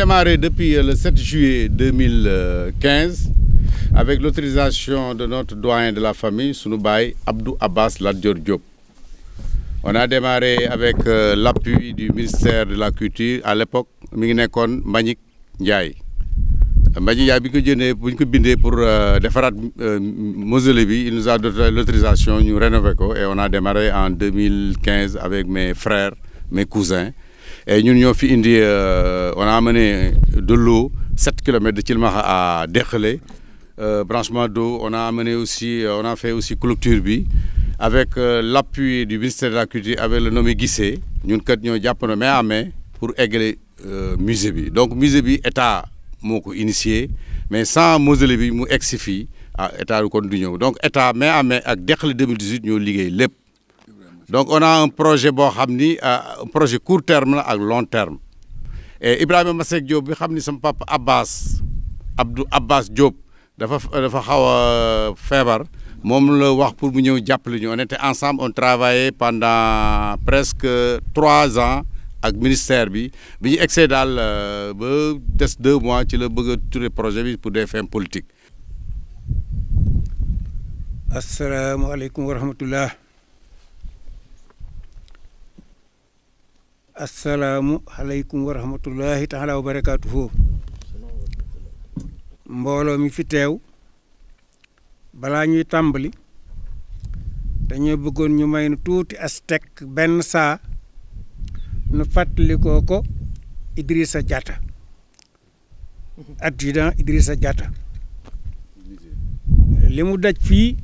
On a démarré depuis euh, le 7 juillet 2015 avec l'autorisation de notre doyen de la famille, Sounoubaï Abdou Abbas Ladjor On a démarré avec euh, l'appui du ministère de la Culture à l'époque, Mignekon Manik Ndiaye. Manik Ndiaye, pour euh, il nous a donné l'autorisation, nous rénover et on a démarré en 2015 avec mes frères, mes cousins. Et nous euh, avons on a amené de l'eau, 7 km de Kilmaha à Dekhle, euh, branchement d'eau, on a amené aussi, euh, on a fait aussi clôture avec l'appui du ministère de la Culture, avec le nommé Guissé, nous avons fait main à main pour aider le musée. Donc le musée est à moko initié mais sans mausolée bi mu egsi fii à ah, état kon du ñëw donc état mais amee ak Dexle 2018 ñoo liggéey lépp donc on a un projet bo xamni euh, un projet court terme la ak long terme et Ibrahima Masseck Diop bi xamni papa Abbas Abdou Abbas Diop dafa dafa xawa euh, febar mom moom la wax pour mu ñëw jàppale ñu on était ensemble on travaillait pendant presque trois ans ak ministère bi bi ñu egsee euh, ba des deux mois ci le bëgg a projet bi pour des fins politiques. alaikum wa rahmatullah assalaamu aleykum wa rahmatullahi wa barakaatuhu mbooloo mi fi teew balaa ñuy tàmbali dañuy bëggoon ñu may nu tuuti astek benn saa nu fàttalikoo ko Idrissa jata adjudant Idrissa Diatta jata limu daj fii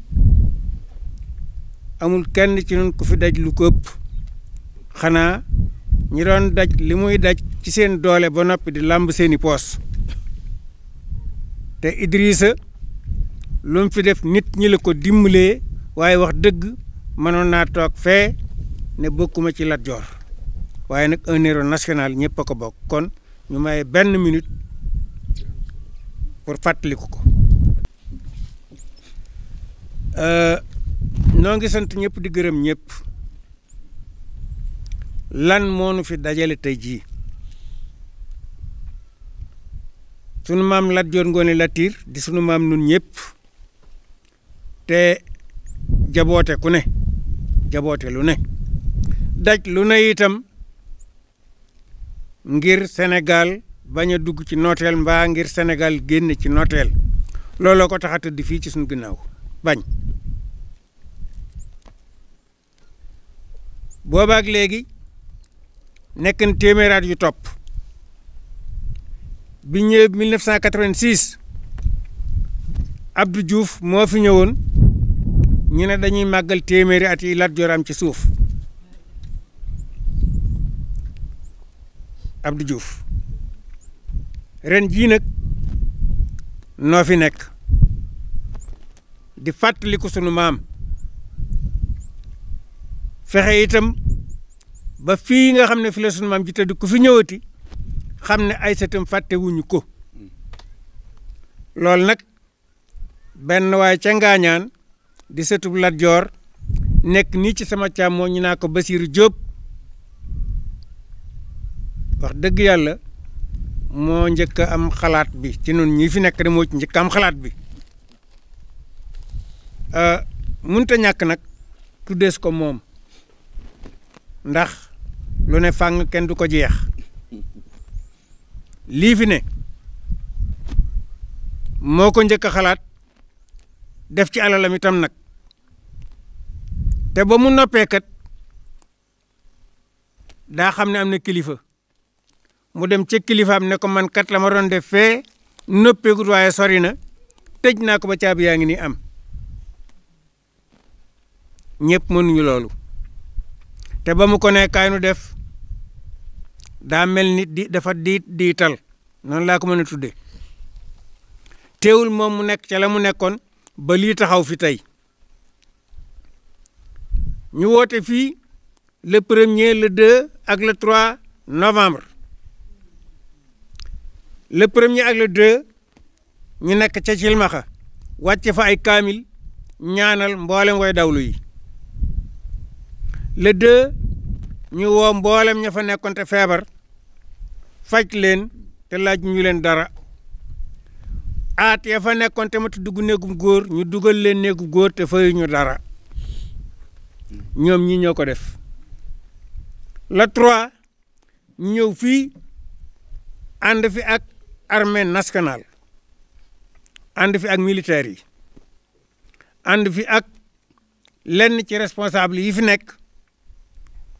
amul kenn ci ñun ku fi daj lu ko xanaa ñi doon daj li muy daj ci seen doole ba noppi di làmb seeni poos te Idrissa lu mu fi def nit ñi la ko dimbalee waaye wax dëgg mënoon naa toog fee ne bokkuma ci Lat Joor waaye nag un héros national ñëpp a ko bokk kon ñu may benn minute pour fàttaliku ko euh, noo ngi sant ñëpp di gërëm ñëpp lan moo nu fi dajale tey jii sunu maam Lat Joor Ngoone Latiir di sunu maam nun ñépp te jaboote ku ne jaboote lu ne daj lu ne itam ngir Sénégal bañ a dugg ci nooteel mba ngir Sénégal génn ci nooteel looloo ko tax a tëdd ci sunu ginnaaw bañ boobaak léegi nekk na téeméeraat yu topp bi ñëwee 1986 Abdou Diouf moo fi ñëwoon ñu ne dañuy màggal téeméeri at yi Lat Joor ci suuf Abdou Diouf ren jii nag noo fi nekk di fàttaliku sunu maam fexe itam. ba fii nga xam ne fi la sunu maam ji ku fi ñëwati xam ne ay sëtam fàttewuñu ko loolu nag benn waay ca ngaañaan di sëtub Lat Joor nekk nii ci sama càmmoo ñu naa ko Basiiru Jóob wax dëgg yàlla moo njëkk am xalaat bi ci noonu ñi fi nekk de moo ci njëkk am xalaat bi euh, mënut a ñàkk nag tuddees ko moom ndax lu ne fàng kenn du ko jeex lii fi ne moo ko njëkk a xalaat def ci alalam itam nag te ba mu noppee kat daa xam am na kilifa mu dem ca kilifaam ne ko mankat kat la ma doon def fee noppeegut waaye sori na tëj naa ko ba caabi yaa ngi nii am ñëpp mënuñu loolu te ba ko ne kaay nu def daa mel ni di dafa diit diital nan laa ko mën a tuddee teewul mu nekk ca la mu nekkoon ba lii taxaw fi tey ñu woote fii le premier le deux ak le trois novembre le premier ak le deux ñu nekk ca Cilmaxa wàcce fa ay kaamil ñaanal mboolem way dawlu yi le deux ñu woo mboolem ña fa nekkoon te feebar faj leen te laaj ñu leen dara aat ya fa nekkoon te ma tamit dugg néegum góor ñu dugal leen néegum góor te ñu dara ñoom ñi ñoo ko def la trois ñu ñëw fii ànd fi ak armée nationale ànd fi ak militaire yi ànd fi ak lenn ci responsable yi fi nekk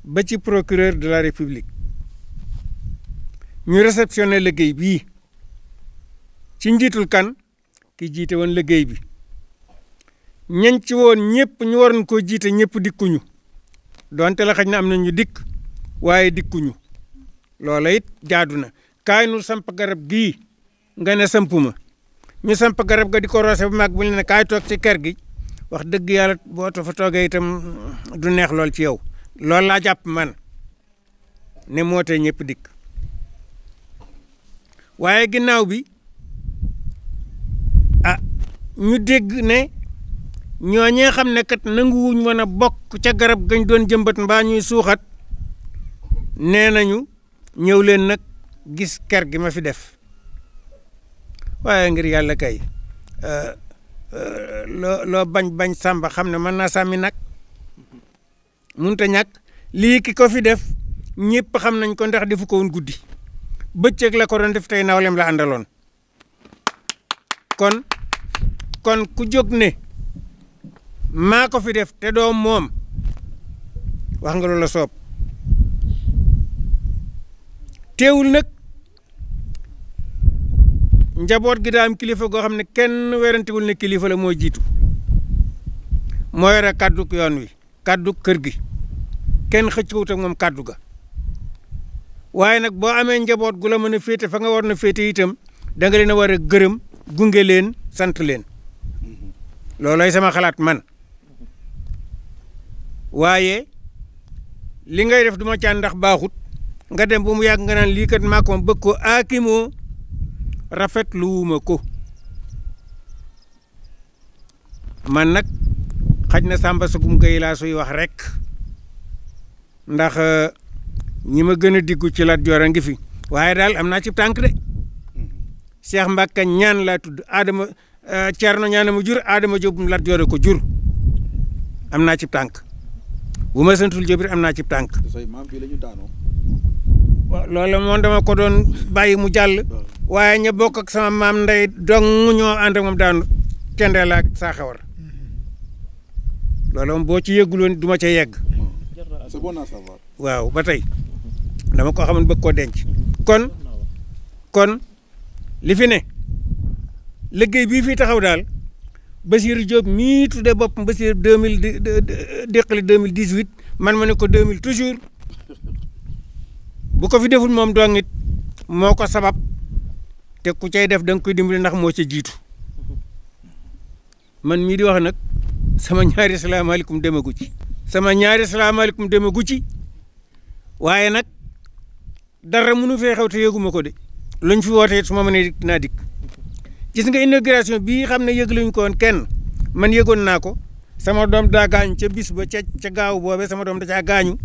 ba ci procureur de la république ñu réceptionné liggéey bii ci njiitul kan ki jiite woon liggéey bi ñañ ci woon ñëpp ñu waroon koo jiite ñëpp dikkuñu donte la xaj na am na ñu dikk waaye dikkuñu loola it jaadu na kaay nu samp garab gi nga ne samp ma ñu samp garab ga di ko roose bu mag bu ñu ne kaay toog ci kër gi wax dëgg yàlla boo to fa toogee itam du neex lool ci yow loolu laa jàpp man ne moo tee ñëpp dikk waye ginnaw bi ah ñu dégg ne nyonya xam ne kat nangu woon a bok ci garab gën doon jëmbat mba ñuy suxat nee nañu leen nak gis kër gi ma fi def waye ngir yalla kay eh, eh, lo lo bañ bañ samba xam man na sami nak nag ñak li ki ko fi def ñepp xam nañ ko ndax defu ko woon bëccëg la ko doon def tey nawleem la àndaloon kon kon ku jóg ne maa ko fi def te doom moom wax nga loolu la soob teewul nag njaboot gi daa kilifa goo xam ne kenn werantewul ne kilifa la moo jiitu moo yore kàddu yoon wi kàddu kër gi kenn xëcc ko wut moom kàddu ga waaye nag boo amee njaboot gu la mën a féete fa nga war na féete itam da nga leen a war a gërëm gunge leen sant leen loolooy sama xalaat man waaye li ngay def duma caan ndax baaxut nga dem ba mu yàgg nga naan lii kat maa bëgg ko aakimoo ah, rafet lu wuma ko man nag xaj na Samba Sugum Gueye suy wax rek ndax ñi ma gën diggu ci Lat Joor a ngi fi waye dal amna ci tank de mhm. Cheikh Mbacke ñaan la tudd Adama cierno euh, ñaan mu jur Adama Diop Lat Joor ko jur amna ci tank bu ma sentul Jibril fi lañu daano wa lolé mo dama ko doon bayyi mu jall waye ña bok ak sama maam ndey dong ñoo and ak mom daan cendeel ak Wow, xawar mhm. lolé mo bo ci duma ca yegg. waaw dama ko xamoon bëgg koo denc kon kon li fi ne liggéey bii fii taxaw daal Basirou Diop mii de boppam Basirou deux mille déqali deux mille dix man ma ne ko deux mille toujours bu ko fi deful moom dong moo ko sabab te ku cay def da nga koy dimbali ndax moo ca jiitu man mii di wax nag sama ñaari salaamaaleykum demagu ci. sama ñaari salaamaaleykum demagu ci waaye nag. dara mënu fee xew te yëguma ko de luñ fi wootee su ma mënee dinaa dikk gis nga inauguration bii xam na yëg luñ ko kenn man yëgoon naa ko sama doom daa gaañu ca bis ba ca ca gaaw boobee sama doom da caa gaañu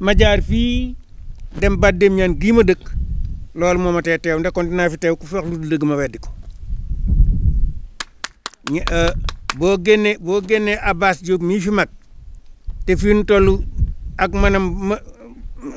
ma fii dem ba dem ñaan gii ma dëkk loolu moom ma tee teew ndax kon dinaa fi teew ku fi wax lu ma weddi ko ñu euh, boo génnee boo génnee Abbas Diop mii fi mag te fi ñu ak manam ma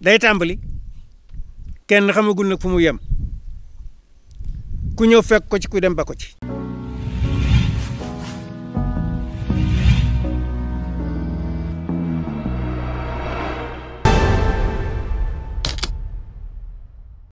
day tàmbali kenn xamagul nag fu mu yem ku ñëw fekk ko ci ku dem ba ko ci